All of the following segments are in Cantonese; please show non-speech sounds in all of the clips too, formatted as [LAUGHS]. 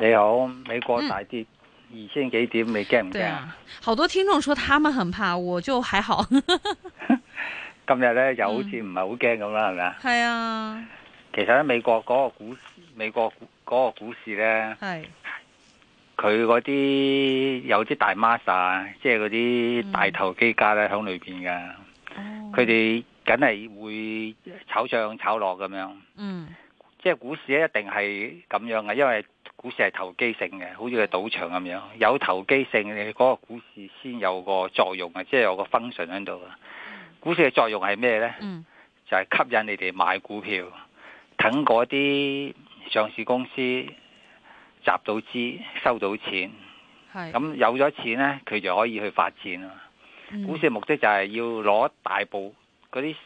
你好，美國大跌、嗯、二千幾點？你驚唔驚啊？好多聽眾說他們很怕，我就還好。 [LAUGHS] [LAUGHS] 今日咧又好似唔係好驚咁啦，係咪啊？係啊。其實咧，美國嗰個股，美國嗰個股市咧，係佢嗰啲有啲大孖沙，即係嗰啲大投機家咧喺裏邊噶。佢哋梗係會炒上炒落咁樣。嗯，即係股市咧，一定係咁樣嘅，因為。股市係投機性嘅，好似個賭場咁樣，有投機性，你、那、嗰個股市先有個作用啊，即係有個 function 喺度啊。股市嘅作用係咩呢？嗯、就係吸引你哋買股票，等嗰啲上市公司集到資、收到錢，咁是有咗錢呢，佢就可以去發展啊。嗯、股市嘅目的就係要攞大部嗰啲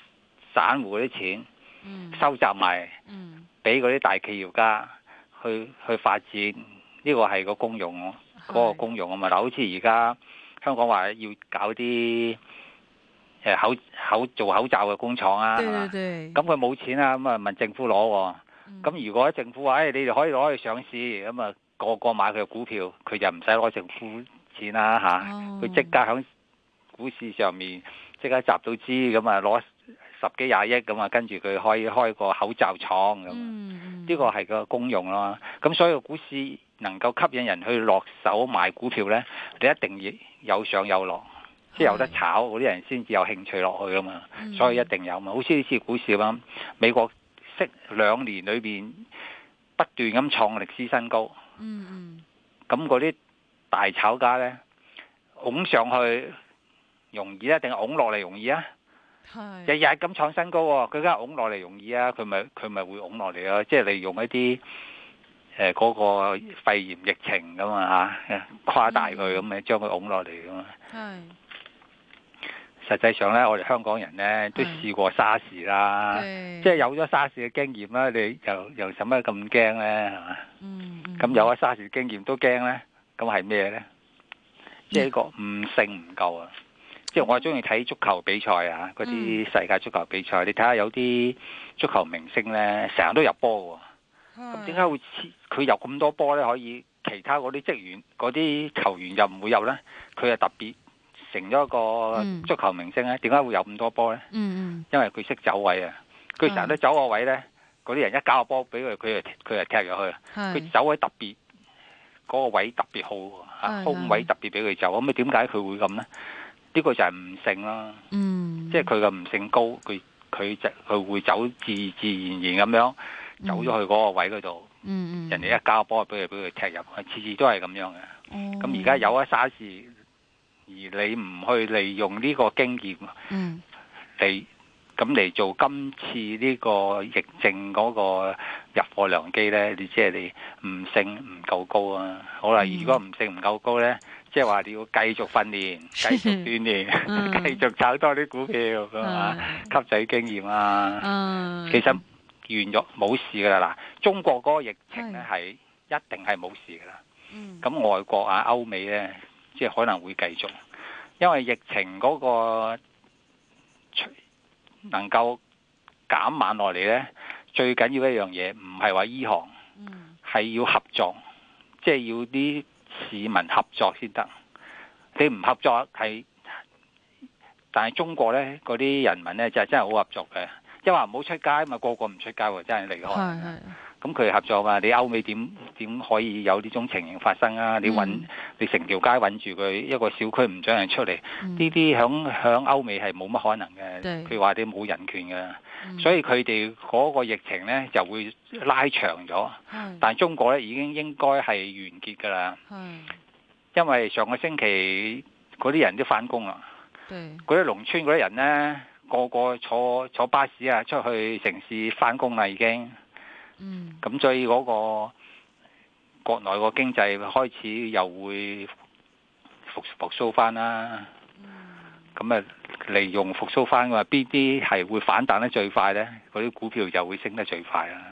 散戶嗰啲錢，嗯、收集埋，俾嗰啲大企業家。去去發展呢、這個係個公用，嗰是個公用啊嘛！嗱、就是，好似而家香港話要搞啲誒、呃、口口做口罩嘅工廠啊，係嘛？咁佢冇錢啊，咁啊問政府攞喎、啊。咁、嗯、如果政府話：，誒、哎，你哋可以攞去上市，咁啊個個買佢嘅股票，佢就唔使攞政府錢啦、啊、嚇。佢、啊、即、哦、刻喺股市上面即刻集到資，咁啊攞十幾廿億，咁啊跟住佢可以開,開個口罩廠咁。呢個係個公用咯，咁所以股市能夠吸引人去落手買股票呢，你一定要有上有落，即有得炒嗰啲人先至有興趣落去啊嘛，所以一定有嘛。好似呢次股市咁，美國息兩年裏邊不斷咁創歷史新高，咁嗰啲大炒家呢，拱上去容易呀，定係拱落嚟容易啊？係日日咁創新高，佢梗係拱落嚟容易啊！佢咪佢咪會拱落嚟咯，即係利用一啲誒嗰個肺炎疫情咁啊吓，誇大佢咁咪將佢拱落嚟噶嘛。係實際上咧，我哋香港人咧都試過 SARS 啦，即係有咗 SARS 嘅經驗啦，你又又使乜咁驚咧係嘛？嗯，咁有咗 SARS 經驗都驚咧，咁係咩咧？即係個悟性唔夠啊！即係我係中意睇足球比賽啊！嗰啲世界足球比賽，嗯、你睇下有啲足球明星咧，成日都入波嘅。咁點解會佢入咁多波咧？可以其他嗰啲職員、嗰啲球員又唔會入咧。佢係特別成咗個足球明星咧。點解、嗯、會有咁多波咧？嗯、因為佢識走位啊。佢成日都走個位咧，嗰啲是人一交個波俾佢，佢就佢就踢入去。佢是走位特別，嗰、嗰個位特別好是空位特別俾佢走。咁咪點解佢會咁咧？呢個就係悟性啦，嗯、即係佢嘅悟性高，佢佢就佢會走自自然然咁樣走咗去嗰個位嗰度。嗯、人哋一交波，俾佢俾佢踢入去，次次都係咁樣嘅。咁而家有一沙士、嗯，而你唔去利用呢個經驗，嗯、你咁嚟做今次呢個疫症嗰個入貨良機咧，你即係你悟性唔夠高啊！好啦，嗯、如果悟性唔夠高咧。即係話你要繼續訓練、繼續鍛煉、繼續炒多啲股票，係嘛？吸取經驗啊！其實完咗冇事噶啦。嗱，中國嗰個疫情咧，係一定係冇事噶啦。咁外國啊、歐美咧，即係可能會繼續，因為疫情嗰個能夠減慢落嚟咧，最緊要一樣嘢唔係話醫行，係要合作，即係要啲。市民合作先得，你唔合作係，但係中國呢，嗰啲人民呢，就係真係好合作嘅。因為唔好出街，嘛，個個唔出街，真係厲害。咁佢合作噶，你歐美點點可以有呢種情形發生啊？你揾你，成條街揾住佢一個小區，唔準人出嚟，呢啲響響歐美係冇乜可能嘅。佢話啲冇人權嘅，嗯、所以佢哋嗰個疫情呢就會拉長咗。是但係中國呢已經應該係完結㗎啦。是因為上個星期嗰啲人都返工啦，嗰啲對農村嗰啲人呢，個個坐坐巴士啊出去城市返工啦已經。嗯，咁所以嗰個國內個經濟開始又會復復甦翻啦，嗯，咁啊利用復甦翻嘅話，邊啲係會反彈得最快咧？啲股票又會升得最快啦。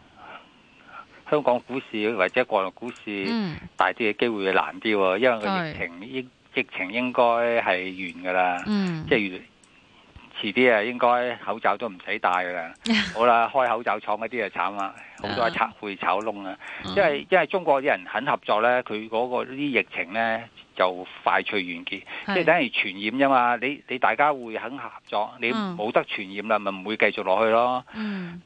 香港股市或者國內股市、嗯、大啲嘅機會難啲喎，因為個疫情疫是疫情應該係完噶啦，即係、嗯、遲啲啊，應該口罩都唔使戴㗎啦。 [LAUGHS] 好啦，開口罩廠嗰啲啊慘啦，好多係拆會炒窿啊，因為、嗯、因為中國啲人肯合作咧，佢嗰個啲疫情咧，就快脆完結，即係是等於傳染啫嘛。你你大家會肯合作，你冇得傳染啦，咪唔會繼續落去咯。嗯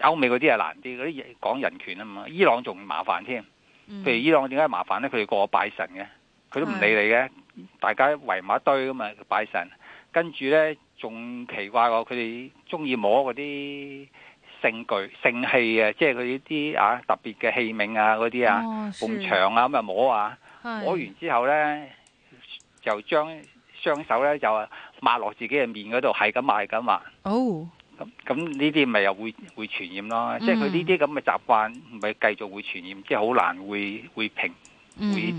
歐美嗰啲係難啲，嗰啲講人權啊嘛，伊朗仲麻煩添。譬、嗯、如伊朗點解麻煩咧？佢哋過拜神嘅，佢都唔理你嘅，的大家圍埋一堆咁啊拜神。跟住咧仲奇怪我，佢哋中意摸嗰啲聖具聖器啊，即係佢啲啊特別嘅器皿啊嗰啲啊，埲牆、哦、啊咁啊摸啊，的摸完之後咧就將雙手咧就抹落自己嘅面嗰度，係咁抹，係咁抹。咁咁呢啲咪又會會傳染咯，即係佢呢啲咁嘅習慣，咪繼續會傳染，即係好難會會平會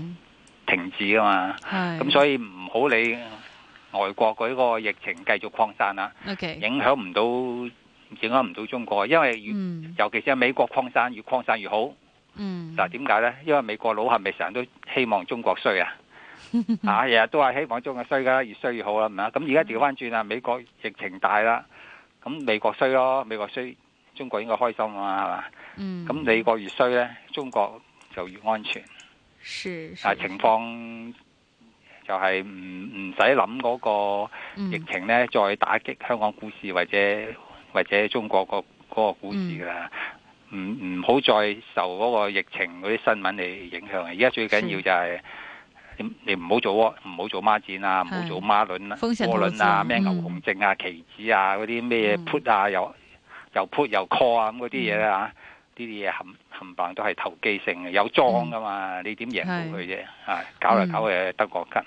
停止啊嘛。咁所以唔好理外國嗰個疫情繼續擴散啦，影響唔到影響唔到中國，因為尤其是美國擴散越擴散越好。嗱點解咧？因為美國佬係咪成日都希望中國衰啊？啊，日日都係希望中國衰㗎，越衰越好啦，唔係。咁而家調返轉啦，美國疫情大啦。咁美國衰咯，美國衰，中國應該開心啊嘛，係嘛？嗯，咁美國越衰呢，中國就越安全。是啊，是情況就係唔唔使諗嗰個疫情呢，嗯，再打擊香港股市或者或者中國個嗰個股市啦。唔唔好再受嗰個疫情嗰啲新聞嚟影響。而家最緊要就係。你唔好做，唔好做孖展啊，唔好做孖輪啊，窩輪是啊，咩牛熊證啊、期、嗯、指啊嗰啲咩 put 啊，又又 put 又 call 啊咁嗰啲嘢啊，呢啲嘢冚冚唪唥都係投機性嘅，有莊㗎嘛，嗯、你點贏到佢啫？嚇是、啊，搞嚟搞去得個吉。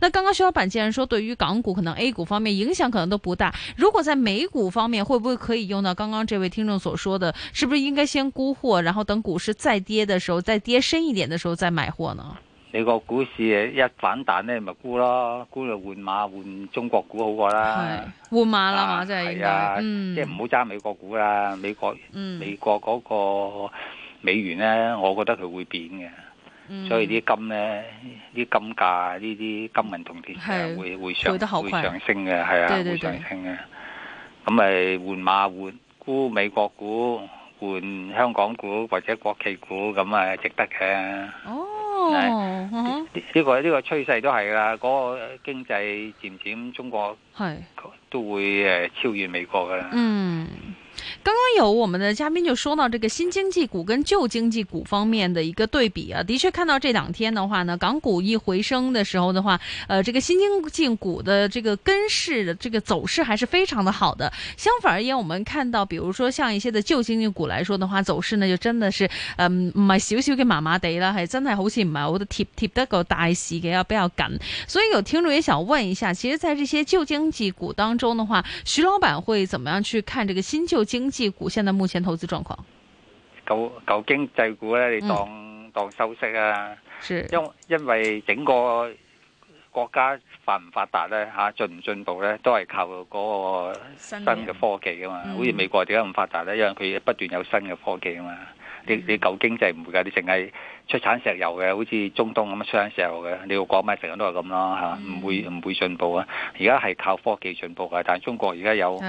那剛剛肖老闆既然說對於港股可能 A 股方面影響可能都不大，如果在美股方面會不會可以用到剛剛這位聽眾所說的，是不是應該先沽貨，然後等股市再跌的時候，再跌深一點的時候再買貨呢？美國股市一反彈咧咪沽咯，沽就換馬換中國股好過啦。換馬啦嘛真係應該，嗯、即係唔好揸美國股啦，美國、嗯、美國嗰個美元呢，我覺得佢會貶嘅。所以啲金咧，啲金價呢啲金銀銅鐵啊是，會上會上會上升嘅，係啊，對對對會上升嘅。咁咪換馬換沽美國股，換香港股或者國企股，咁啊值得嘅。哦、oh, uh，呢、huh. 呢個呢、呢個趨勢都係啦、啊，嗰、嗰個經濟漸漸中國係都會誒超越美國噶啦。嗯。 [NOISE] [NOISE] 剛剛有我們的嘉賓就說到這個新經濟股跟舊經濟股方面的一個對比啊，的確看到這兩天的話呢，港股一回升的時候的話，呃，這個新經濟股的這個跟市的這個走勢還是非常的好的。相反而言，我們看到，比如說像一些的舊經濟股來說的話，走勢呢就真的是，嗯，唔係少少嘅麻麻地啦，還真係好似唔係好貼貼得個大市嘅，又比較緊。所以有聽眾也想問一下，其實，在這些舊經濟股當中的話，徐老闆會怎麼樣去看這個新舊經濟？績股現在目前投資狀況，舊舊經濟股咧，你當、嗯、當收息啊，是因因為整個國家發唔發達呢，吓、啊，進唔進步呢，都係靠嗰個新嘅科技啊嘛，年好似美國點解咁發達呢？因為佢不斷有新嘅科技啊嘛。你你舊經濟唔會㗎，你淨係出產石油嘅，好似中東咁樣出產石油嘅，你個國米成日都係咁咯吓，唔、嗯、會唔會進步啊？而家係靠科技進步㗎，但係中國而家有五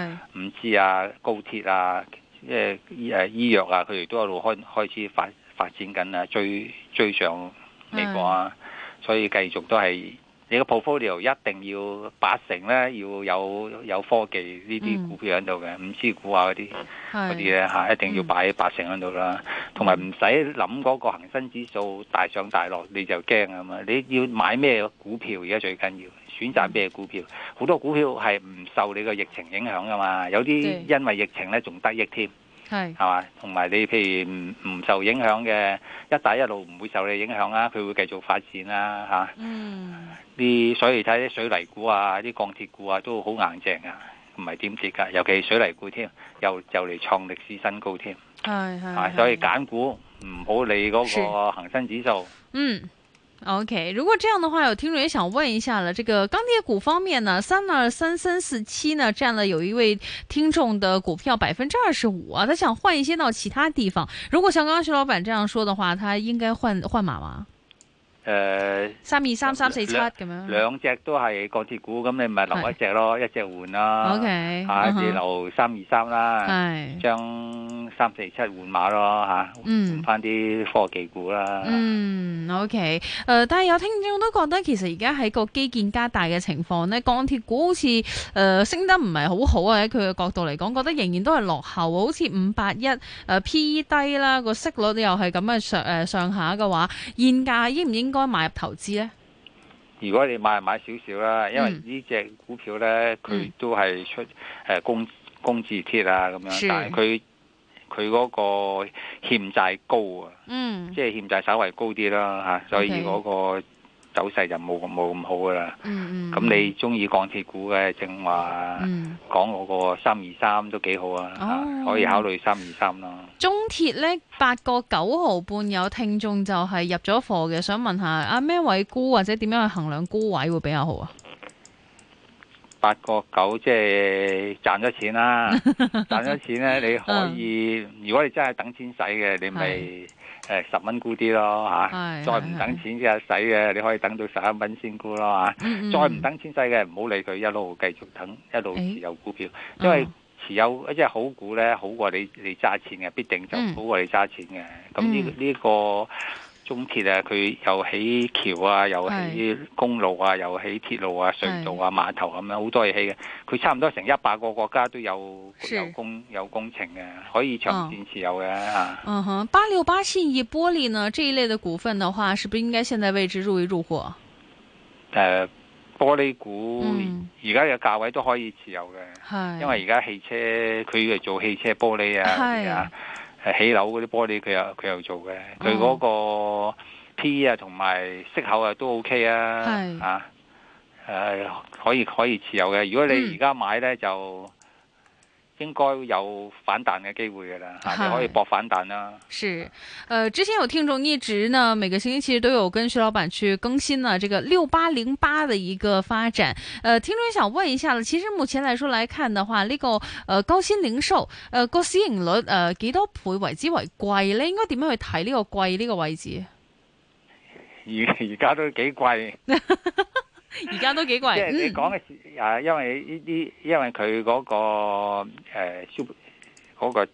G 是的 啊、高鐵啊、即係誒醫藥啊，佢哋都喺度開開始發發展緊啊，追追上美國啊，是的 所以繼續都係。你個 portfolio 一定要八成咧，要有有科技呢啲股票喺度嘅，嗯、5G 股啊嗰啲啲咧嚇，一定要擺八成喺度啦。同埋唔使諗嗰個恆生指數大上大落你就驚啊嘛。你要買咩股票而家最緊要，選擇咩股票？好、嗯、多股票係唔受你個疫情影響噶嘛，有啲因為疫情咧仲得益添。係，係嘛，同埋你譬如唔唔受影響嘅一帶一路唔會受你影響啦，佢會繼續發展啦，嚇、啊。嗯。啲所以睇啲水泥股啊，啲鋼鐵股啊都好硬淨啊，唔係點跌噶，尤其水泥股添、啊，又就嚟創歷史新高添、啊。係係係。所以揀股唔好理嗰個恆生指數。嗯。OK，如果這樣的話，有聽眾也想問一下了。這個鋼鐵股方面呢，三二三三四七呢佔了有一位聽眾的股票百分之二十五，啊。他想換一些到其他地方。如果像剛剛徐老闆這樣說的話，他應該換換馬嗎？誒、呃，三二三三四七咁樣，兩隻都係鋼鐵股，咁你咪留一隻咯，哎、一隻換啦。OK，下、uh huh. 啊，留三二三啦，將。三四七換馬咯嚇、啊，換翻啲科技股啦。嗯，OK，誒、呃，但係有聽眾都覺得其實而家喺個基建加大嘅情況呢，鋼鐵股好似誒、呃、升得唔係好好啊！喺佢嘅角度嚟講，覺得仍然都係落後，好似五八一誒 PE 低啦，個息率又係咁嘅上誒上下嘅話，現價應唔應該買入投資呢？如果你買，買少少啦，因為呢隻股票呢，佢都係出誒、嗯呃、工工字鐵啊咁樣，但係佢。佢嗰個欠債高啊，嗯、即係欠債稍微高啲啦嚇，嗯、所以嗰個走勢就冇冇咁好噶啦。咁、嗯、你中意鋼鐵股嘅，正話、嗯、講我個三二三都幾好、哦、啊，可以考慮三二三咯。中鐵呢，八個九毫半有聽眾就係入咗貨嘅，想問下阿咩、啊、位沽或者點樣去衡量沽位會比較好啊？八個九即係賺咗錢啦，賺咗 [LAUGHS] 錢咧你可以，嗯、如果你真係等錢使嘅，是你咪誒十蚊沽啲咯吓。是再唔等錢即係使嘅，你可以等到十一蚊先沽咯嘛，嗯、再唔等錢使嘅唔好理佢，一路繼續等，一路持有股票，欸、因為持有即係、嗯、好股咧，好過你你揸錢嘅，必定就好過你揸錢嘅，咁呢呢個。中鐵啊，佢又起橋啊，又起公路啊，又起鐵路啊、隧道啊、碼是的 頭咁、啊、樣，好多嘢起嘅。佢差唔多成一百個國家都有是的 有工有工程嘅，可以長線持有嘅吓。八六八信義玻璃呢？這一類的股份的話，是不是應該現在位置入一入貨？誒，玻璃股而家嘅價位都可以持有嘅，嗯、因為而家汽車佢嚟做汽車玻璃啊。起樓嗰啲玻璃佢又佢，哦啊、又做嘅，佢嗰個 P 啊同埋息口啊都 OK 啊，是 啊誒、呃、可以可以持有嘅，如果你而家買呢，就。應該有反彈嘅機會嘅啦，就可以搏反彈啦。是，誒、呃，之前有聽眾一直呢，每個星期其實都有跟徐老闆去更新呢，這個六八零八嘅一個發展。誒、呃，聽眾想問一下啦，其實目前嚟說嚟看嘅話，呢、這個誒、呃、高鑫零售誒個、呃、市盈率誒幾、呃、多倍為之為貴咧？應該點樣去睇呢個貴呢個位置？而而家都幾貴。 [LAUGHS] 而家都幾貴即係、嗯、你講嘅事啊！因為呢啲，因為佢嗰、嗰個誒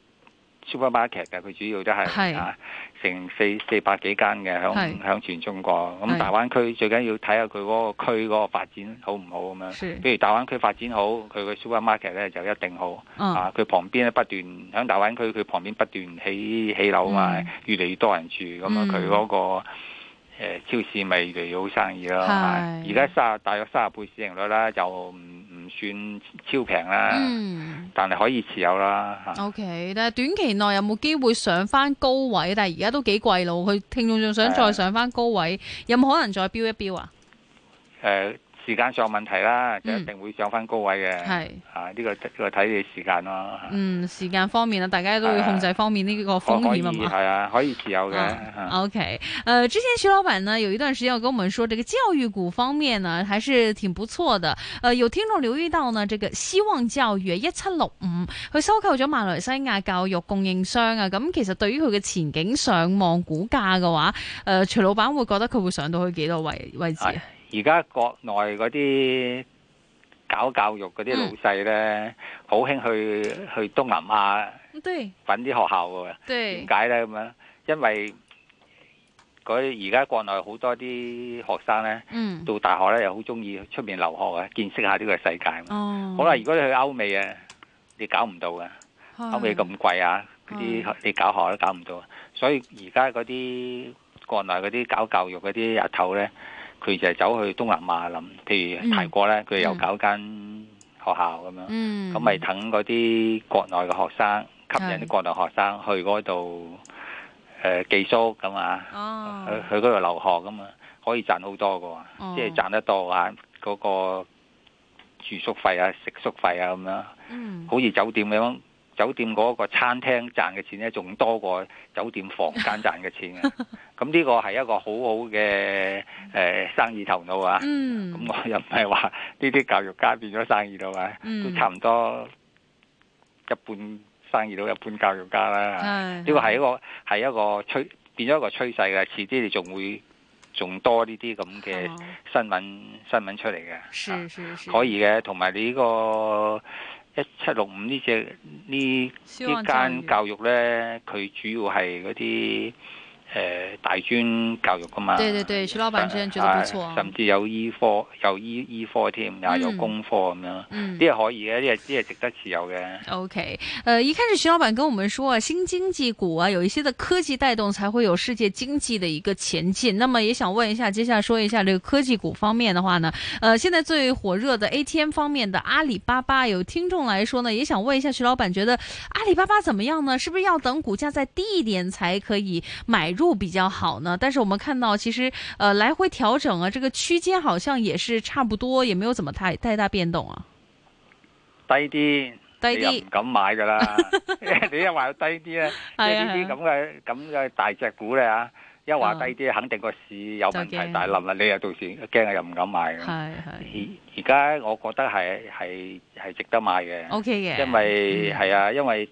supermarket 嘅，佢、呃、主要都係是啊，成四四百幾間嘅，響響是全中國。咁是大灣區最緊要睇下佢嗰個區嗰個發展好唔好咁樣。譬是如大灣區發展好，佢個 supermarket 咧就一定好、嗯、啊！佢旁邊咧不斷響大灣區，佢旁邊不斷起起樓嘛，越嚟越多人住咁啊！佢嗰個。嗯超市咪越嚟越好生意咯。而家三大約三十倍市盈率啦，就唔唔算超平啦，嗯、但係可以持有啦。O、okay, K，但係短期內有冇機會上翻高位？但係而家都幾貴咯。佢聽眾仲想再上翻高位，啊、有冇可能再飆一飆啊？呃時間上問題啦，就一定會上翻高位嘅。係、嗯、啊，呢、這個呢個睇你時間咯。嗯，時間方面啊，大家都要控制方面呢個風險啊嘛。可以係嗎啊，可以持有嘅、啊。OK，誒、呃，之前徐老闆呢有一段時間要跟我們說，這個教育股方面呢，還是挺不錯的。誒、呃，有聽眾留意到呢，這個希望教育一七六五，佢收購咗馬來西亞教育供應商啊。咁、嗯、其實對於佢嘅前景上望股價嘅話，誒、呃，徐老闆會覺得佢會上到去幾多位位置？而家國內嗰啲搞教育嗰啲老細咧，好興去去東南亞揾啲學校嘅。點解咧咁樣？因為嗰而家國內好多啲學生咧，到大學咧又好鍾意出面留學嘅，見識下呢個世界嘛。好啦，如果你去歐美啊，你搞唔到嘅，歐美咁貴啊，嗰啲你搞學都搞唔到。所以而家嗰啲國內嗰啲搞教育嗰啲日頭咧。佢就係走去東南亞林，譬如泰過咧，佢又搞間學校咁樣，咁咪、嗯、等嗰啲國內嘅學生，吸引啲國內學生去嗰度誒寄宿咁啊、哦，去去嗰度留學咁啊，可以賺好多嘅，即係、哦、賺得多啊，嗰、那個住宿費啊、食宿費啊咁樣，嗯、好似酒店咁。酒店嗰個餐廳賺嘅錢咧，仲多過酒店房間賺嘅錢嘅、啊。咁呢 [LAUGHS] 個係一個好好嘅誒生意頭腦啊！咁、嗯、我又唔係話呢啲教育家變咗生意佬啊，嗯、都差唔多一半生意佬一半教育家啦。呢個係一個係、嗯、一個趨變咗一個趨勢嘅，遲啲你仲會仲多呢啲咁嘅新聞新聞出嚟嘅。是是是，可以嘅。同埋你呢、呢個。一七六五呢隻呢呢間教育咧，佢主要係嗰啲。誒、呃、大專教育㗎嘛？對對對，徐老闆之前覺得不錯，哎，甚至有醫、e、科、e, e、有醫醫科添，也有工科咁樣，啲係、嗯、可以嘅，啲係啲係值得持有嘅。OK，誒、呃，一開始徐老闆跟我們說啊，新經濟股啊，有一些的科技帶動，才會有世界經濟的一個前進。那麼也想問一下，接下來說一下呢、這個科技股方面的話呢，誒、呃，現在最火熱的 ATM 方面的阿里巴巴，有聽眾來說呢，也想問一下徐老闆，覺得阿里巴巴怎點樣呢？是不是要等股價再低一點才可以買入？度比較好呢，但是我們看到其實，呃，來回調整啊，這個區間好像也是差不多，也沒有怎麼太太大大變動啊。低啲，低啲唔敢買㗎喇， [LAUGHS] [LAUGHS] 你一話低啲咧，即係呢啲咁嘅咁嘅大隻股咧啊，一話 [LAUGHS] 低啲，肯定個市有問題大冧啦，你又到時驚又唔敢買嘅，係係，而而家我覺得係係係值得買嘅，OK 嘅，因為係啊， [LAUGHS] 因為。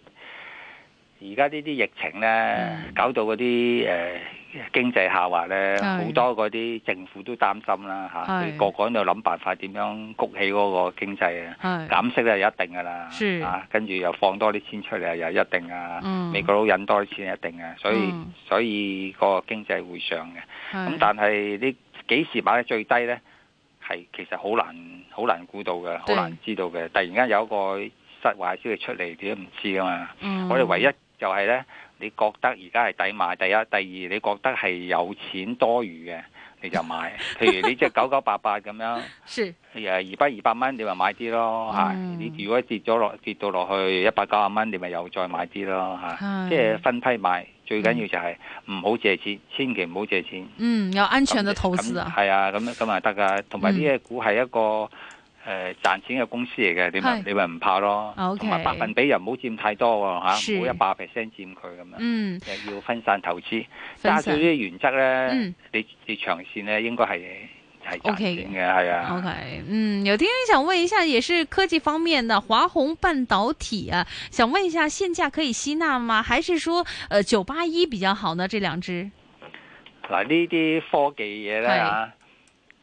而家呢啲疫情咧，嗯、搞到嗰啲誒經濟下滑咧，好是多嗰啲政府都擔心啦嚇，個個喺度諗辦法點樣谷起嗰個經濟啊？減息咧係一定噶啦，嚇、啊，跟住又放多啲錢出嚟又一定啊！嗯、美國佬引多啲錢一定啊，所以、嗯、所以，所以個經濟會上嘅。咁是、啊、但係呢幾時買得最低咧？係其實好難好難估到嘅，好難知道嘅。是突然間有一個失壞消息出嚟，你都唔知啊嘛！嗯、我哋唯一就係咧，你覺得而家係抵買，第一、第二，你覺得係有錢多餘嘅，你就買。譬如你隻九九八八咁樣，二百二百蚊，200, 200你咪買啲咯嚇、嗯。你如果跌咗落跌到落去一百九十蚊，你咪又再買啲咯嚇。嗯、即係分批買，最緊要就係唔好借錢，嗯、千祈唔好借錢。嗯，有安全嘅投資啊。係啊，咁咁咪得噶，同埋呢隻股係一個，嗯誒，賺、呃、錢嘅公司嚟嘅，點你咪唔是怕咯。同埋 Okay, 百分比又唔好占太多，啊，吓唔好一百 percent 占佢咁樣。嗯，要分散投資，揸住散呢啲原則咧，嗯、你你長線咧應該係係賺錢嘅，係 Okay, 啊。OK，嗯，有啲人想問一下，也是科技方面的華虹半導體啊，想問一下現價可以吸納嗎？還是說，誒，九八一比較好呢？這兩隻？嗱，呢啲科技嘢咧吓。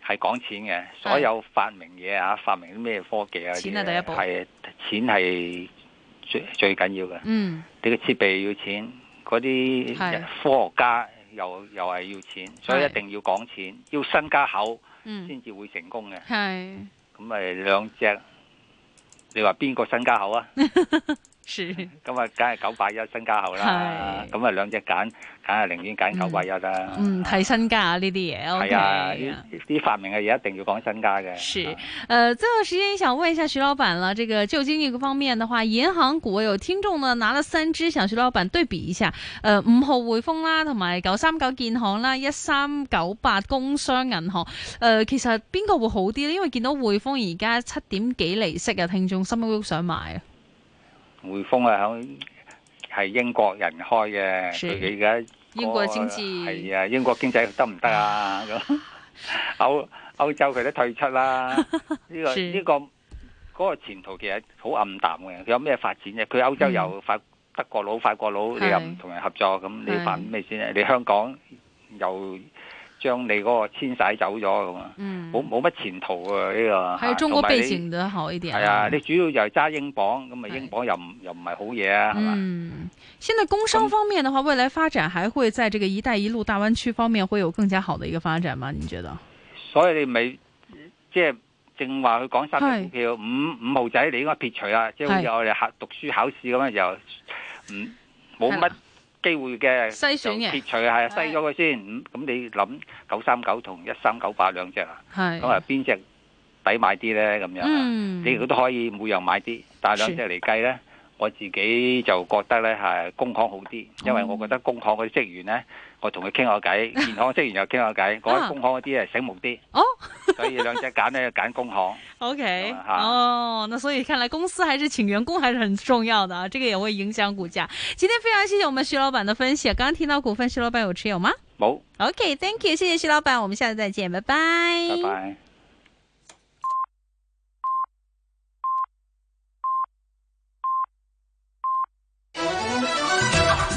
係講錢嘅，所有發明嘢啊，發明啲咩科技啊，係錢係最最緊要嘅。嗯，你嘅設備要錢，嗰啲科學家又又係要錢，是所以一定要講錢，要身家厚先至會成功嘅。係、嗯，咁咪兩隻？你話邊個身家厚啊？咁啊 [LAUGHS] 是，梗係九百一身家厚啦。咁啊是，兩隻揀。梗係寧願揀九八一啦，嗯，睇身家呢啲嘢，係啊，啲、啊、發明嘅嘢一定要講身家嘅。是，誒、啊，最後時間，想問一下徐老闆啦。這個就金融方面嘅話，銀行股有聽眾呢拿了三支，想徐老闆對比一下。誒、呃，五號匯豐啦，同埋九三九建行啦，一三九八工商銀行。誒、呃，其實邊個會好啲呢？因為見到匯豐而家七點幾釐息啊，聽眾心喐喐想買啊。匯豐啊，響係英國人開嘅，佢而家。英國經濟係、哦、啊，英國經濟得唔得啊？ [LAUGHS] 歐歐洲佢都退出啦，呢、 [LAUGHS] 呢個呢、呢個嗰、嗰個、前途其實好暗淡嘅。佢有咩發展啫？佢歐洲又法、嗯、德國佬、法國佬，你又唔同人合作，咁是你辦咩先啊？的你香港又～將你嗰個遷徙走咗咁啊，冇冇乜前途啊呢個，係中國背景都好一點係啊，你主要就係揸英鎊，咁啊英鎊又唔又唔係好嘢啊，係嘛？嗯，現在工商方面嘅話，未來發展還會在這個「一帶一路」大灣區方面，會有更加好的一個發展嗎？你覺得？所以你咪即係正話佢講三隻叫五五號仔你應該撇除啦，即係好似我哋考讀書考試咁樣，又唔冇乜。機會嘅，篩選嘅，剔除係篩咗佢先。咁咁的你諗九三九同一三九八兩隻啊？咁啊邊隻抵買啲咧？咁樣你都都可以每樣買啲，但係兩隻嚟計咧，我自己就覺得咧係工行好啲，因為我覺得工行嗰啲職員咧。嗯我同佢傾下偈，健康職員又傾下偈，講起工行嗰啲係醒目啲，哦， [LAUGHS] 所以兩隻揀咧揀工行。OK，uh，哦，那所以看來公司還是請員工還是很重要的啊，這個也會影響股價。今天非常謝謝我們徐老闆的分析，剛剛聽到股份，徐老闆有持有嗎？冇。OK，Thank you，謝謝徐老闆，我們下次再見，拜拜。拜拜。